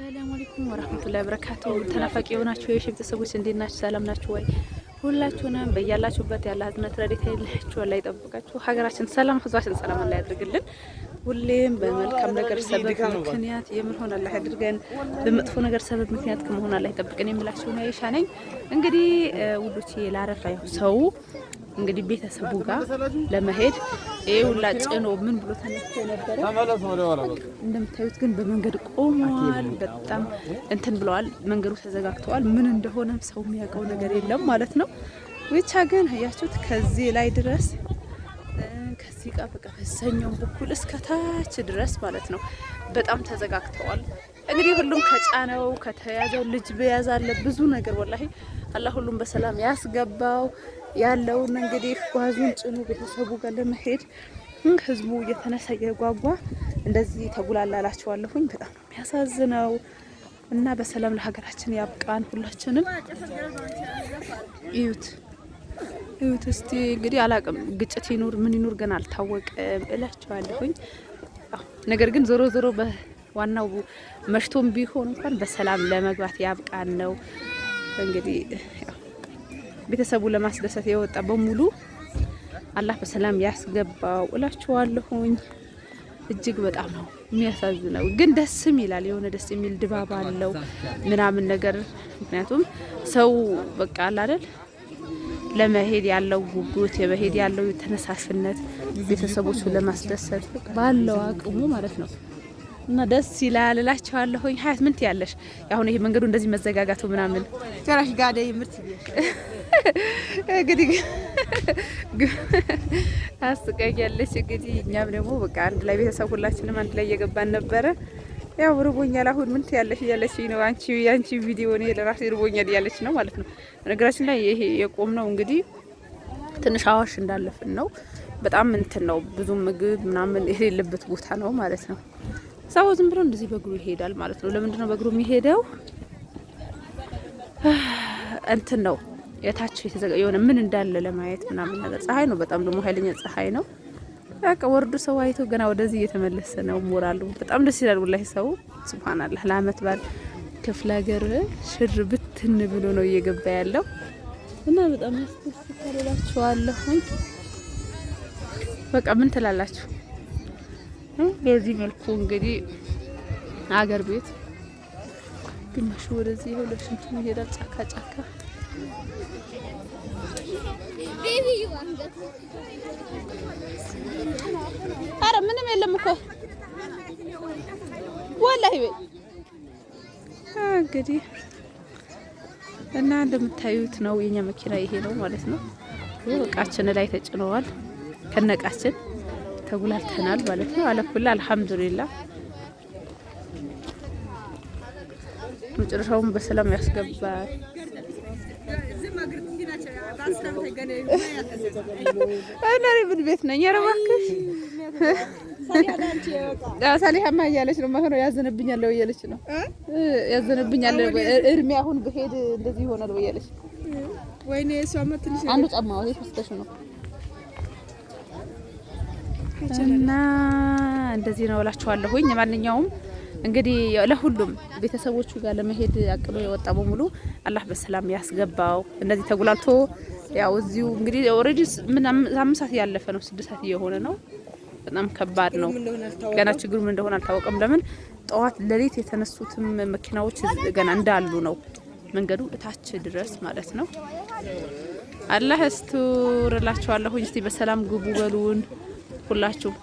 ሰላም አለይኩም ወራህመቱላሂ ወበረካቱ። ተናፋቂ የሆናችሁ የሺ ቤተሰቦች እንዴት ናችሁ? ሰላም ናችሁ ወይ? ሁላችሁንም በያላችሁበት ያለ ህዝነት ረዴታ ይላችሁ ላይ ይጠብቃችሁ። ሀገራችን ሰላም፣ ህዝባችን ሰላም አላ ያድርግልን። ሁሌም በመልካም ነገር ሰበብ ምክንያት የምንሆን አላህ ያድርገን፣ በመጥፎ ነገር ሰበብ ምክንያት ከመሆን አላህ ይጠብቀን የምላችሁ ነው። አይሻ ነኝ እንግዲህ ውዶቼ ላረፋ ሰው እንግዲህ ቤተሰቡ ጋር ለመሄድ ይሄ ሁላ ጭኖ ምን ብሎ ተነስቶ ነበረ። እንደምታዩት ግን በመንገድ ቆመዋል። በጣም እንትን ብለዋል። መንገዱ ተዘጋግተዋል። ምን እንደሆነ ሰው የሚያውቀው ነገር የለም ማለት ነው። ብቻ ግን ያችሁት ከዚህ ላይ ድረስ እዚህ በቃ በኩል እስከ ታች ድረስ ማለት ነው በጣም ተዘጋግተዋል። እንግዲህ ሁሉም ከጫነው ከተያዘው ልጅ በያዝ አለ ብዙ ነገር ወላሂ አላህ ሁሉም በሰላም ያስገባው። ያለውን እንግዲህ ጓዙን ጭኑ ቤተሰቡ ጋር ለመሄድ ህዝቡ እየተነሳ እየጓጓ እንደዚህ ተጉላላላችኋለሁኝ። በጣም ነው የሚያሳዝነው። እና በሰላም ለሀገራችን ያብቃን ሁላችንም። እዩት እዩት እስቲ እንግዲህ አላቅም ግጭት ይኑር ምን ይኑር ገና አልታወቀም እላቸዋለሁኝ። ነገር ግን ዞሮ ዞሮ በዋናው መሽቶም ቢሆን እንኳን በሰላም ለመግባት ያብቃን ነው እንግዲህ ቤተሰቡ ለማስደሰት የወጣ በሙሉ አላህ በሰላም ያስገባው እላችኋለሁኝ። እጅግ በጣም ነው የሚያሳዝነው፣ ግን ደስም ይላል። የሆነ ደስ የሚል ድባብ አለው ምናምን ነገር ምክንያቱም ሰው በቃ አላደል ለመሄድ ያለው ጉጉት የመሄድ ያለው ተነሳሽነት ቤተሰቦቹ ለማስደሰት ባለው አቅሙ ማለት ነው። እና ደስ ይላል እላቸዋለሁኝ። ሀያት ምን ትያለሽ? አሁን ይሄ መንገዱ እንደዚህ መዘጋጋቱ ምናምን ራሽ ጋደ ምርት እንግዲህ አስቀያለች። እንግዲህ እኛም ደግሞ በቃ አንድ ላይ ቤተሰብ ሁላችንም አንድ ላይ እየገባን ነበረ። ያው ርቦኛል አሁን ምን ትያለሽ እያለች ነው። አንቺ ያንቺ ቪዲዮ እኔ ለራሴ ርቦኛል እያለች ነው ማለት ነው። ነገራችን ላይ ይሄ የቆም ነው እንግዲህ ትንሽ አዋሽ እንዳለፍን ነው። በጣም እንትን ነው ብዙ ምግብ ምናምን የሌለበት ቦታ ነው ማለት ነው። ሰው ዝም ብሎ እንደዚህ በእግሩ ይሄዳል ማለት ነው። ለምንድን ነው በእግሩ የሚሄደው? እንትን ነው የታች የሆነ ምን እንዳለ ለማየት ምናምን ነገር። ፀሐይ ነው በጣም ደግሞ ኃይለኛ ፀሐይ ነው። በቃ ወርዱ ሰው አይቶ ገና ወደዚህ እየተመለሰ ነው። ሞራሉ በጣም ደስ ይላል። ወላሂ ሰው ሱብሃንአላህ ለአመት በዓል ክፍለ ሀገር ሽር ብትን ብሎ ነው እየገባ ያለው እና በጣም ያስደስታላችኋለሁ። በቃ ምን ትላላችሁ? በዚህ መልኩ እንግዲህ አገር ቤት ግማሹ ወደዚህ ሁለሽንቱ ይሄዳል ጫካ ጫካ አረ ምንም የለም እኮ ወላሂ በይ እንግዲህ እና እንደምታዩት ነው የኛ መኪና ይሄ ነው ማለት ነው። እቃችን ላይ ተጭነዋል። ከነቃችን ተጉላልተናል ማለት ነው። አለኩላ አልሐምዱሊላ መጨረሻውን በሰላም ያስገባል። እና ምን ቤት ነኝ? ኧረ እባክሽ ሳሊሀማ እያለች ነው ማሆነው ያዘነብኛል እያለች ነው ያዘነብኛል። እድሜ አሁን ብሄድ እንደዚህ ይሆናል ወይ እያለች ወይኔ አንዱ ጫማ ፍስተሽ ነው እና እንደዚህ ነው እላችኋለሁኝ። ማንኛውም እንግዲህ ለሁሉም ቤተሰቦቹ ጋር ለመሄድ አቅዶ የወጣ በሙሉ አላህ በሰላም ያስገባው። እንደዚህ ተጉላልቶ ያው እዚሁ እንግዲህ ኦልሬዲ አምስት ሰዓት ያለፈ ነው፣ ስድስት ሰዓት እየሆነ ነው። በጣም ከባድ ነው። ገና ችግሩ ምን እንደሆነ አልታወቀም። ለምን ጠዋት ሌሊት የተነሱትም መኪናዎች ገና እንዳሉ ነው መንገዱ እታች ድረስ ማለት ነው። አላህ እስቱር እላችኋለሁ። እስቲ በሰላም ግቡ በሉን ሁላችሁ